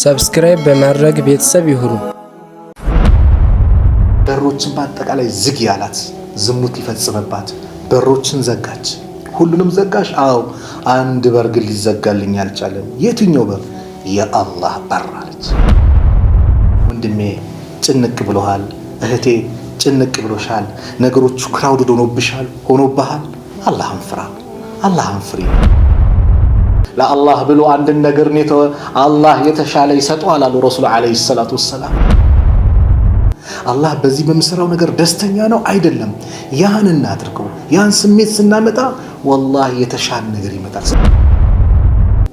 ሰብስክራይብ በማድረግ ቤተሰብ ይሁኑ። በሮችን በአጠቃላይ ዝግ ያላት ዝሙት ይፈጽምባት በሮችን ዘጋች። ሁሉንም ዘጋሽ? አዎ፣ አንድ በር ግን ሊዘጋልኝ አልቻለም። የትኛው በር? የአላህ በር አለች። ወንድሜ ጭንቅ ብሎሃል፣ እህቴ ጭንቅ ብሎሻል፣ ነገሮቹ ክራውድድ ሆኖብሻል፣ ሆኖብሃል። አላህን ፍራ፣ አላህን ፍሪ። ለአላህ ብሎ አንድን ነገር የተወ አላህ የተሻለ ይሰጠዋል አሉ ረሱሉ ዓለይሂ ሰላቱ ወሰላም። አላህ በዚህ በምሰራው ነገር ደስተኛ ነው አይደለም፣ ያን እናድርገው። ያን ስሜት ስናመጣ ወላሂ የተሻለ ነገር ይመጣል።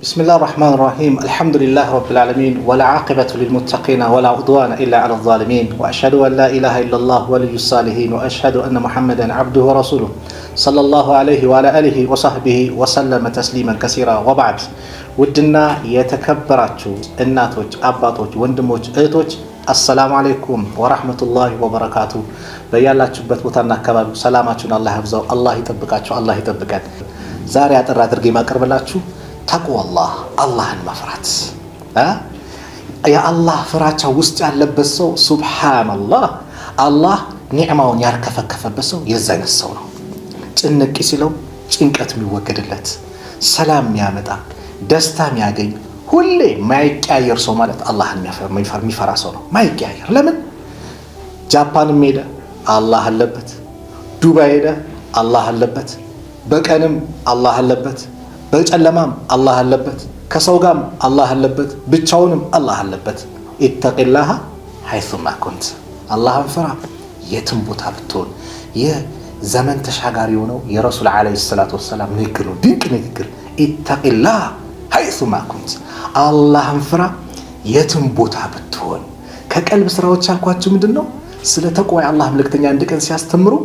ብስሚላህ ራህማን ራሂም አልሐምዱሊላህ ረብል ዓለሚን ወልዓቂበቱ ሊልሙተቂን ወላ ዑድዋነ ኢላ ዐለል ዛሊሚን ወአሽሀዱ አን ላ ኢላሃ ኢለላህ ወልዩ ሳሊሒን ወአሽሀዱ አነ ሙሐመደን ዐብዱሁ ወረሱሉሁ ሰለላሁ ዐለይሂ ወአሊሂ ወሰህቢሂ ወሰለመ ተስሊመን ከሲራ ወባዕድ። ውድና የተከበራችሁ እናቶች፣ አባቶች፣ ወንድሞች፣ እህቶች አሰላሙ አለይኩም ወራህመቱላሂ ወበረካቱ። በያላችሁበት ቦታና አካባቢ ሰላማችሁን አላህ ያብዛው፣ አላህ ይጠብቃችሁ፣ አላህ ይጠብቀን። ዛሬ አጠር አድርጌ የማቀርብላችሁ ተቅዋላህ አላህን መፍራት የአላህ ፍራቻ ውስጥ ያለበት ሰው ሱብሓነላህ አላህ ኒዕማውን ያርከፈከፈበት ሰው ሰው ነው። ጭንቅ ሲለው ጭንቀት የሚወገድለት ሰላም የሚያመጣ ደስታ የሚያገኝ ሁሌ ማይቀያየር ሰው ማለት አላህን የሚፈራ ሰው ነው። ማይቀያየር ለምን? ጃፓንም ሄደ አላህ አለበት፣ ዱባይ ሄደ አላህ አለበት፣ በቀንም አላህ አለበት፣ በጨለማም አላህ አለበት፣ ከሰው ጋርም አላህ አለበት፣ ብቻውንም አላህ አለበት። ኢተቂላሃ ሐይሱማ ኩንት አላህን ፍራ የትም ቦታ ብትሆን ዘመን ተሻጋሪ የሆነው የረሱል ዓለይሂ ሰላቱ ወሰላም ንግግር ነው። ድንቅ ንግግር ኢተቂላ ሀይሱ ማኩንት፣ አላህን ፍራ የትም ቦታ ብትሆን። ከቀልብ ስራዎች ያልኳችሁ ምንድን ነው? ስለ ተቋ የአላህ መልእክተኛ አንድ ቀን ሲያስተምሩ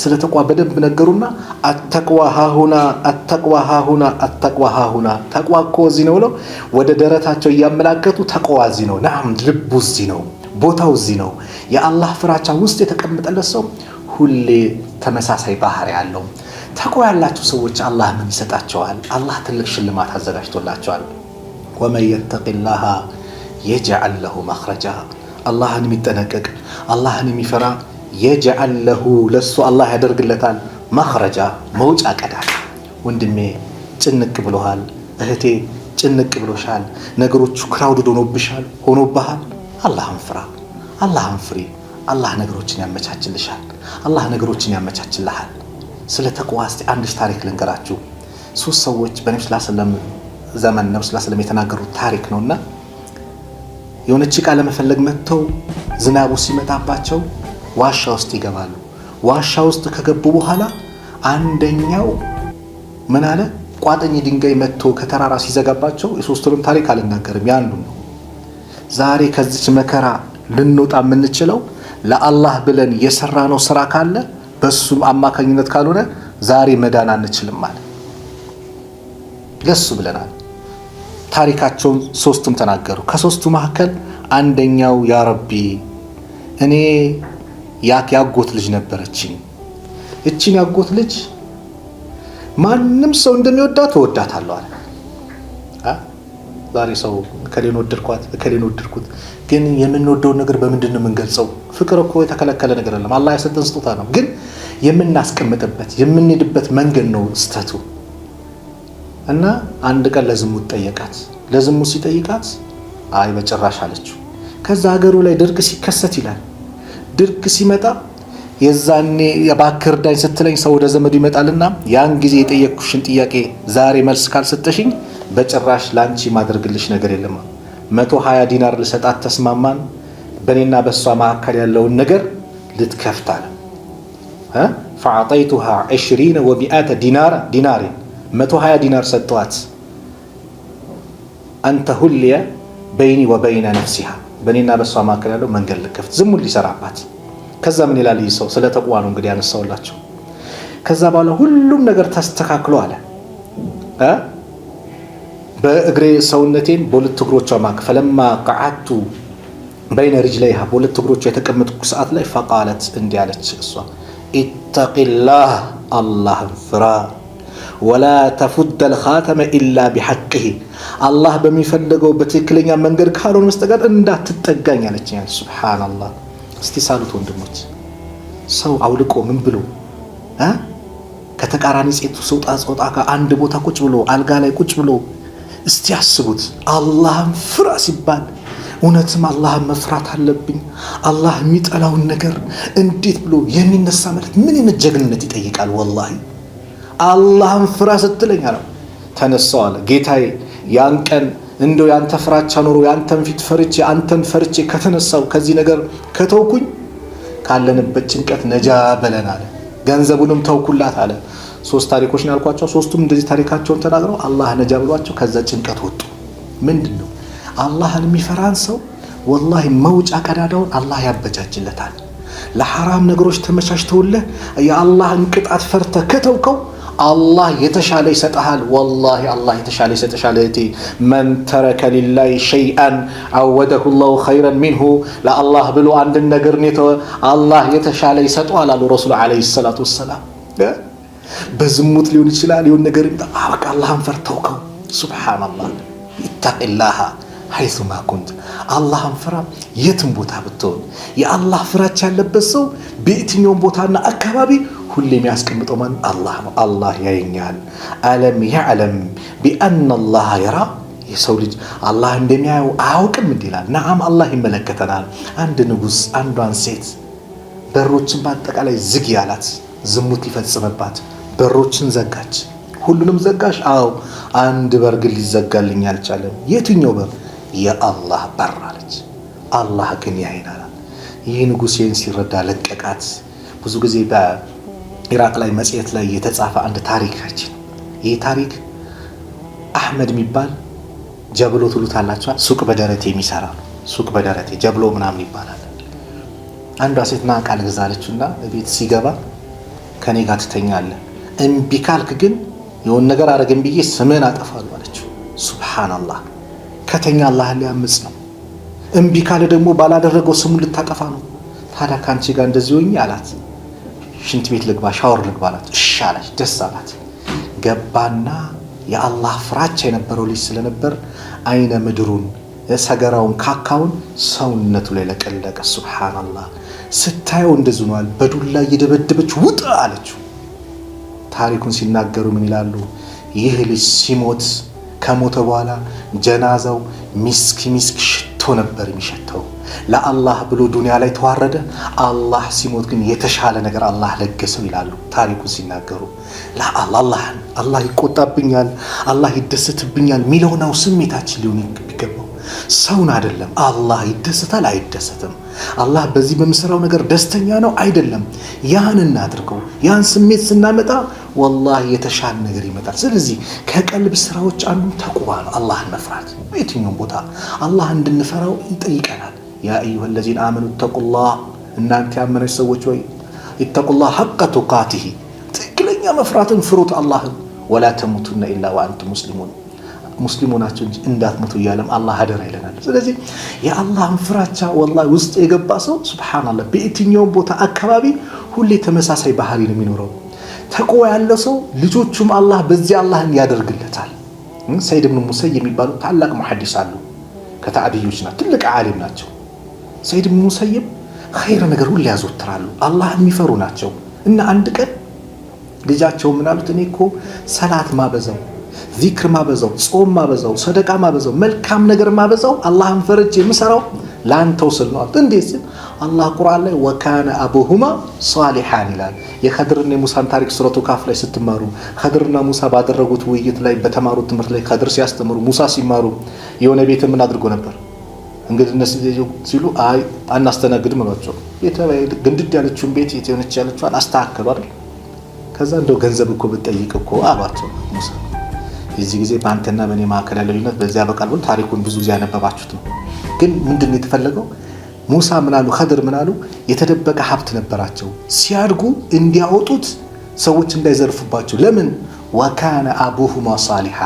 ስለ ተቋ በደንብ ነገሩና አተቅዋ ሃሁና አተቅዋ ሃሁና አተቅዋ ሃሁና ተቋ እኮ እዚህ ነው ብለው ወደ ደረታቸው እያመላከቱ ተቋ እዚህ ነው ናም ልቡ እዚህ ነው ቦታው እዚህ ነው። የአላህ ፍራቻ ውስጥ የተቀመጠለት ሰው ሁሌ ተመሳሳይ ባህሪ ያለው ተቆ ያላቸው ሰዎች አላህ ምን ይሰጣቸዋል? አላህ ትልቅ ሽልማት አዘጋጅቶላቸዋል። ወመን የተቂላሃ የጀዐል ለሁ መኽረጃ አላህን የሚጠነቀቅ አላህን የሚፈራ የጀዐል ለሁ ለሱ አላህ ያደርግለታል መኽረጃ መውጫ ቀዳል። ወንድሜ ጭንቅ ብሎሃል፣ እህቴ ጭንቅ ብሎሻል፣ ነገሮቹ ክራውድድ ሆኖብሻል፣ ሆኖብሃል። አላህን ፍራ፣ አላህን ፍሬ አላህ ነገሮችን ያመቻችልሻል። አላህ ነገሮችን ያመቻችልሃል። ስለ ተቅዋ እስቲ አንድሽ ታሪክ ልንገራችሁ። ሶስት ሰዎች በነብ ስላ ስለም ዘመን ነብ ስላ ስለም የተናገሩት ታሪክ ነው እና የሆነች ዕቃ ለመፈለግ መጥተው ዝናቡ ሲመጣባቸው ዋሻ ውስጥ ይገባሉ። ዋሻ ውስጥ ከገቡ በኋላ አንደኛው ምን አለ? ቋጠኝ ድንጋይ መጥቶ ከተራራ ሲዘጋባቸው፣ የሶስቱንም ታሪክ አልናገርም፣ ያንዱ ነው። ዛሬ ከዚች መከራ ልንወጣ የምንችለው ለአላህ ብለን የሰራነው ስራ ካለ በሱም አማካኝነት ካልሆነ ዛሬ መዳን አንችልም ማለት ለሱ ብለናል። ታሪካቸውን ሶስቱም ተናገሩ። ከሶስቱ መካከል አንደኛው ያረቢ እኔ ያጎት ልጅ ነበረችኝ። እችን ያጎት ልጅ ማንም ሰው እንደሚወዳት እወዳታለሁ አለ። ዛሬ ሰው እከሌን ወደድኳት፣ እከሌን ወደድኩት፣ ግን የምንወደውን ነገር በምንድን ነው የምንገልጸው? ፍቅር እኮ የተከለከለ ነገር የለም። አላህ የሰጠን ስጦታ ነው። ግን የምናስቀምጥበት የምንሄድበት መንገድ ነው ስተቱ እና አንድ ቀን ለዝሙት ጠየቃት። ለዝሙት ሲጠይቃት አይ በጭራሽ አለችው። ከዛ ሀገሩ ላይ ድርቅ ሲከሰት ይላል ድርቅ ሲመጣ የዛኔ እባክህ እርዳኝ ስትለኝ ሰው ወደ ዘመዱ ይመጣልና ያን ጊዜ የጠየቅኩሽን ጥያቄ ዛሬ መልስ ካልሰጠሽኝ በጭራሽ ለአንቺ ማድረግልሽ ነገር የለም። መቶ ሀያ ዲናር ልሰጣት ተስማማን። በእኔና በእሷ መካከል ያለውን ነገር ልትከፍት አለ። ፈአጠይቱሃ ዕሽሪነ ወሚአተ ዲናር ዲናሪን መቶ ዲናር ሰጥተዋት፣ አንተ ሁልየ በይኒ ወበይነ ነፍሲሃ በእኔና በእሷ መካከል ያለው መንገድ ልከፍት ዝሙ ሊሰራባት። ከዛ ምን ይላል ይህ ሰው? ስለ ተቅዋ ነው እንግዲህ ያነሳውላቸው። ከዛ በኋላ ሁሉም ነገር ተስተካክሎ አለ በእግሬ ሰውነቴን በሁለት እግሮቿ ማክ ፈለማ ቀዓቱ በይነ ሪጅለይሃ በሁለት እግሮቿ የተቀመጥኩ ሰዓት ላይ ፈቃለት እንዲህ አለች እሷ ኢተቂላህ አላህን ፍራ፣ ወላ ተፉደል ኻተመ ኢላ ቢሐቅህ አላህ በሚፈለገው በትክክለኛ መንገድ ካልሆነ በስተቀር እንዳትጠጋኝ አለች። ሱብሓነላህ። እስቲ ሳሉት ወንድሞች፣ ሰው አውልቆ ምን ብሎ ከተቃራኒ ሴቱ ሰውጣ ጾጣ ጋር አንድ ቦታ ቁጭ ብሎ አልጋ ላይ ቁጭ ብሎ እስቲ ያስቡት። አላህን ፍራ ሲባል እውነትም አላህን መፍራት አለብኝ። አላህ የሚጠላውን ነገር እንዴት ብሎ የሚነሳ ማለት ምን አይነት ጀግንነት ይጠይቃል? ወላሂ አላህን ፍራ ስትለኝ አለው ተነሳው አለ ጌታዬ፣ ያን ቀን እንደው ያንተ ፍራቻ ኖሮ ያንተን ፊት ፈርቼ አንተን ፈርቼ ከተነሳው ከዚህ ነገር ከተውኩኝ ካለንበት ጭንቀት ነጃ በለን አለ። ገንዘቡንም ተውኩላት አለ። ሶስት ታሪኮች ነው ያልኳቸው። ሶስቱም እንደዚህ ታሪካቸውን ተናግረው አላህ ነጃ ብሏቸው ከዛ ጭንቀት ወጡ። ምንድን ነው አላህን የሚፈራን ሰው ወላሂ መውጫ ቀዳዳውን አላህ ያበጃጅለታል። ለሐራም ነገሮች ተመቻችተውልህ የአላህን ቅጣት ፈርተህ ከተውከው አላህ የተሻለ ይሰጠሃል። ወላሂ አላህ የተሻለ ይሰጠሻል እህቴ። መን ተረከ ሊላሂ ሸይአን አወደሁ ላሁ ኸይረን ሚንሁ። ለአላህ ብሎ አንድን ነገርን የተወ አላህ የተሻለ ይሰጠዋል አሉ ረሱሉ ዓለይሂ ሰላቱ ወሰላም። በዝሙት ሊሆን ይችላል የሆነ ነገር አላህን ፈርተውከው ሱብሓነላህ። ኢታቂላሃ ሀይሱ ማኩንት አላህን ፍራ፣ የትም ቦታ ብትሆን። የአላህ ፍራቻ ያለበት ሰው በየትኛውም ቦታና አካባቢ ሁሌ የሚያስቀምጠው ማን አላህ ነው። አላህ ያየኛል። አለም ያዕለም ቢአና አላህ የራ የሰው ልጅ አላህ እንደሚያየው አያውቅም እንዲላል። ይላል። ነዓም አላህ ይመለከተናል። አንድ ንጉሥ አንዷን ሴት በሮችን በአጠቃላይ ዝግ ያላት ዝሙት ሊፈጽምባት በሮችን ዘጋች። ሁሉንም ዘጋሽ? አዎ አንድ በር ግን ሊዘጋልኝ አልቻለም። የትኛው በር? የአላህ በር አለች። አላህ ግን ያይናል። ይህ ንጉሴን ሲረዳ ለቀቃት። ብዙ ጊዜ በኢራቅ ላይ መጽሔት ላይ የተጻፈ አንድ ታሪካችን ይህ ታሪክ አህመድ የሚባል ጀብሎ ትሉታላችኋል። ሱቅ በደረቴ የሚሰራ ነው። ሱቅ በደረቴ ጀብሎ ምናምን ይባላል። አንዷ ሴት ና ቃል ገዛለችና ቤት ሲገባ ከኔ ጋር ትተኛለህ፣ እምቢ ካልክ ግን የሆን ነገር አደረግን ብዬ ስምህን አጠፋለሁ አለችው። ሱብሃናላህ ከተኛ አላህን ሊያምጽ ነው። እምቢ ካለ ደግሞ ባላደረገው ስሙን ልታጠፋ ነው። ታዲያ ከአንቺ ጋር እንደዚህ ሆኜ አላት። ሽንት ቤት ልግባ፣ ሻወር ልግባ አላት። እሺ አለች። ደስ አላት። ገባና የአላህ ፍራቻ የነበረው ልጅ ስለነበር አይነ ምድሩን ሰገራውን ካካውን ሰውነቱ ላይ ለቀለቀ። ሱብሓነላህ ስታየው እንደዚህ ነዋል። በዱላ እየደበደበች ውጥ አለችው። ታሪኩን ሲናገሩ ምን ይላሉ? ይህ ልጅ ሲሞት ከሞተ በኋላ ጀናዛው ሚስክ ሚስክ ሽቶ ነበር የሚሸተው። ለአላህ ብሎ ዱንያ ላይ ተዋረደ። አላህ ሲሞት ግን የተሻለ ነገር አላህ ለገሰው ይላሉ ታሪኩን ሲናገሩ። አላህ ይቆጣብኛል፣ አላህ ይደሰትብኛል ሚለውናው ስሜታችን ሊሆን የሚገባው ሰውን አይደለም። አላህ ይደሰታል አይደሰትም፣ አላህ በዚህ በምሰራው ነገር ደስተኛ ነው አይደለም። ያን እናድርገው። ያን ስሜት ስናመጣ ወላሂ የተሻለ ነገር ይመጣል። ስለዚህ ከቀልብ ስራዎች አንዱ ተቅዋ ነው፣ አላህን መፍራት። በየትኛውም ቦታ አላህ እንድንፈራው ይጠይቀናል። ያ አዩሃ ለዚነ አመኑ ተቁላህ፣ እናንተ ያመነች ሰዎች ወይ ይተቁላህ ሐቀ ቱቃቲሂ፣ ትክክለኛ መፍራትን ፍሩት አላህን። ወላ ተሙቱና ኢላ ወአንቱም ሙስሊሙን ሙስሊሙ ናቸው እንጂ እንዳትሞቱ እያለም አላህ አደራ ይለናል። ስለዚህ የአላህን ፍራቻ ወላሂ ውስጥ የገባ ሰው ሱብሓነላህ በየትኛውም ቦታ አካባቢ ሁሌ ተመሳሳይ ባህሪ ነው የሚኖረው። ተቆ ያለ ሰው ልጆቹም አላህ በዚህ አላህን ያደርግለታል። ሰይድ ብን ሙሰይ የሚባሉ ታላቅ መሐዲስ አሉ። ከተአብዮች ናቸው። ትልቅ ዓሊም ናቸው። ሰይድ ብን ሙሰይም ኸይር ነገር ሁሉ ያዘወትራሉ። አላህ የሚፈሩ ናቸው እና አንድ ቀን ልጃቸው ምናሉት፣ እኔ እኮ ሰላት ማበዛው፣ ዚክር ማበዛው፣ ጾም ማበዛው፣ ሰደቃ ማበዛው፣ መልካም ነገር ማበዛው፣ አላህን ፈርቼ የምሰራው ለአንተው ስል ነው አሉት። እንዴት ስል አላህ ቁርአን ላይ ወካነ አቡሁማ ሷሊሐን ይላል። የከድርና የሙሳን ታሪክ ሱረቱ ካፍ ላይ ስትማሩ ከድርና ሙሳ ባደረጉት ውይይት ላይ በተማሩት ትምህርት ላይ ከድር ሲያስተምሩ፣ ሙሳ ሲማሩ የሆነ ቤት ምን አድርጎ ነበር? እንግድነት ሲሉ አይ አናስተናግድም አሏቸው። ግንድድ ያለችውን ቤት የሆነች ያለችዋን አስተካከሉ አይደል? ከዛ እንደው ገንዘብ እኮ ብጠይቅ እኮ አሏቸው ሙሳ። የዚህ ጊዜ በአንተና በእኔ መካከል ያለ ልዩነት በዚያ በቃል ታሪኩን ብዙ ጊዜ ያነበባችሁት ነው። ግን ምንድን ነው የተፈለገው ሙሳ ምናሉ ከድር ምናሉ የተደበቀ ሀብት ነበራቸው። ሲያድጉ እንዲያወጡት ሰዎች እንዳይዘርፉባቸው። ለምን ወካነ አቡሁማ ሳሊሃ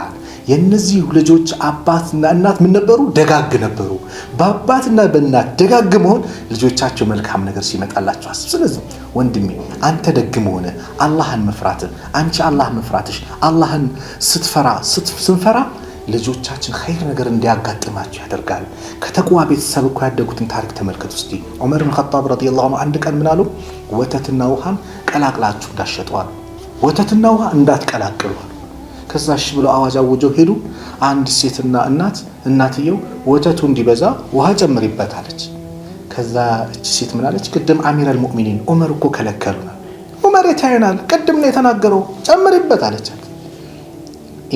የእነዚህ ልጆች አባትና እናት ምን ነበሩ? ደጋግ ነበሩ። በአባትና በእናት ደጋግ መሆን ልጆቻቸው መልካም ነገር ሲመጣላቸው አስብ። ስለዚህ ወንድሜ አንተ ደግ መሆነ አላህን መፍራትህ አንቺ አላህ መፍራትሽ አላህን ስትፈራ ስንፈራ ልጆቻችን ኸይር ነገር እንዲያጋጥማቸው ያደርጋል። ከተቅዋ ቤተሰብ እኮ ያደጉትን ታሪክ ተመልከት ውስጥ ዑመር ብን ኸጣብ ረዲየላሁ አንሁ አንድ ቀን ምናሉ ወተትና ውሃን ቀላቅላችሁ እንዳሸጠዋል ወተትና ውሃ እንዳትቀላቅሏል። ከዛ እሺ ብለው አዋጅ አውጀው ሄዱ። አንድ ሴትና እናት እናትየው ወተቱ እንዲበዛ ውሃ ጨምሪበታለች። አለች። ከዛ እች ሴት ምናለች? ቅድም አሚር አልሙእሚኒን ዑመር እኮ ከለከሉናል። ዑመር የታየናል፣ ቅድም ነው የተናገረው፣ ጨምሪበት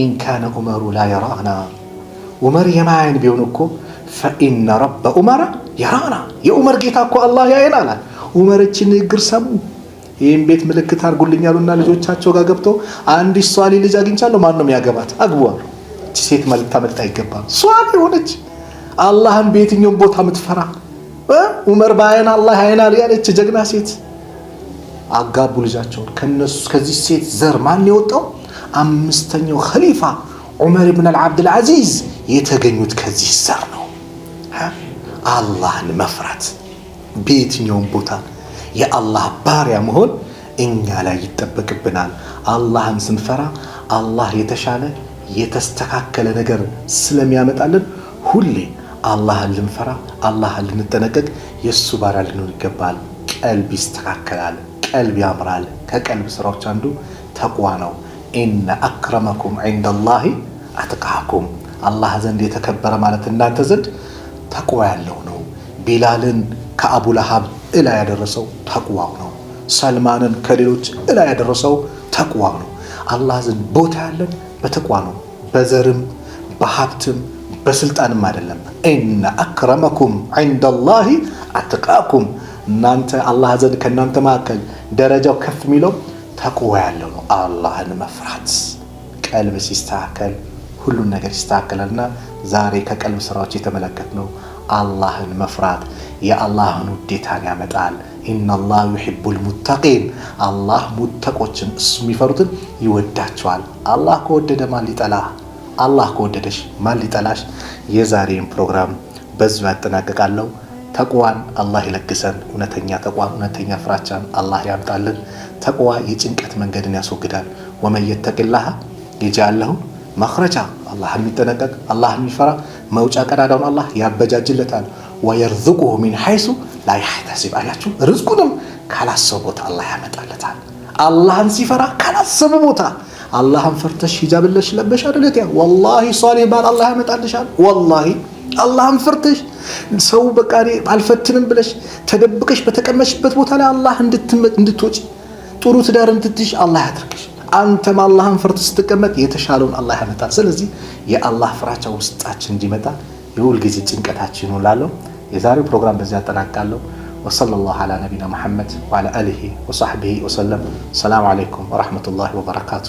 ኢንካነ ዑመሩ ላ የራና ዑመር የማያን ቢሆን እኮ ፈኢነ ረበ ዑመራ የራና የዑመር ጌታ እኮ አላህ ያየን አላት። ዑመሮች ንግግር ሰሙ። ይህም ቤት ምልክት አድርጉልኛሉና ልጆቻቸው ጋር ገብተው አንዲት ሷሌ ልጅ አግኝቻለሁ፣ ማን ነው አግቧሉ። እቺ ሴት ልታመልጥ አይገባም። ሷሌ ሆነች፣ አላህን በየትኛውም ቦታ የምትፈራ ዑመር በአይን አላህ አይናል ያለች ጀግና ሴት አጋቡ ልጃቸውን። ከነሱ ከዚህ ሴት ዘር ማን የወጣው አምስተኛው ኸሊፋ ዑመር ብን አዚዝ የተገኙት ከዚህ ዘር ነው። አላህን መፍራት በየትኛውም ቦታ የአላህ ባሪያ መሆን እኛ ላይ ይጠበቅብናል። አላህን ስንፈራ አላህ የተሻለ የተስተካከለ ነገር ስለሚያመጣልን ሁሌ አላህን ልንፈራ፣ አላህን ልንጠነቀቅ፣ የእሱ ባሪያ ልንሆን ይገባል። ቀልብ ይስተካከላል። ቀልብ ያምራል። ከቀልብ ስራዎች አንዱ ተቋ ነው። ኢነ አክረመኩም ዒንደላሂ አትቃኩም አላህ ዘንድ የተከበረ ማለት እናንተ ዘንድ ተቅዋ ያለው ነው። ቢላልን ከአቡ ለሃብ እላ ያደረሰው ተቅዋው ነው። ሰልማንን ከሌሎች እላ ያደረሰው ተቅዋው ነው። አላህ ዘንድ ቦታ ያለን በተቅዋ ነው። በዘርም በሀብትም በስልጣንም አይደለም። ኢነ አክረመኩም ዒንደላሂ አትቃኩም እናንተ አላህ ዘንድ ከእናንተ መካከል ደረጃው ከፍ የሚለው ተቅዋ ያለው ነው አላህን መፍራት። ቀልብ ሲስተካከል ሁሉም ነገር ይስተካከላልና ዛሬ ከቀልብ ስራዎች ነው አላህን መፍራት የአላህን ውዴታን ያመጣል። ኢነላህ ዩሒቡል ሙተቂን፣ አላህ ሙተቆችን እሱ የሚፈሩትን ይወዳቸዋል። አላህ ከወደደ ማን ሊጠላ? አላህ ከወደደሽ ማን ሊጠላሽ? የዛሬን ፕሮግራም በዚሁ ያጠናቅቃለሁ። ተቅዋን አላህ ይለግሰን። እውነተኛ ተቅዋን እውነተኛ ፍራቻን አላህ ያምጣልን። ተቅዋ የጭንቀት መንገድን ያስወግዳል። ወመን የተቅላሃ የጃል ለሁ መኽረጃ አላህ የሚጠነቀቅ አላህ የሚፈራ መውጫ ቀዳዳውን አላህ ያበጃጅለታል። ወየርዝቁሁ ሚን ሐይሱ ላ ያሕተሲብ አያችሁ፣ ርዝቁንም ካላሰብ ቦታ አላህ ያመጣለታል። አላህን ሲፈራ ካላሰቡ ቦታ አላህን ፈርተሽ ሂጃብ ለበሽ አደለት ያ ወላሂ ሷሊህ ባል አላህ ያመጣልሻል ወላሂ አላህን ፈርተሽ ሰው በቃ አልፈትንም ብለሽ ተደብቀሽ በተቀመጥሽበት ቦታ ላይ አላህ እንድትወጪ ጥሩ ትዳር እንድትሽ አላህ ያድርግሽ። አንተም አላህን ፈርተሽ ስትቀመጥ የተሻለውን አላህ ያመጣል። ስለዚህ የአላህ ፍራቻ ውስጣችን እንዲመጣ የሁልጊዜ ጭንቀታችን ይሆንላለሁ። የዛሬው ፕሮግራም በዚህ ያጠናቃለሁ። ወሰለላሁ ዐላ ነቢና ሙሐመድ ወዐላ አሊሂ ወሰሕቢሂ ወሰለም። ሰላም አለይኩም ወረሕመቱላሂ ወበረካቱ።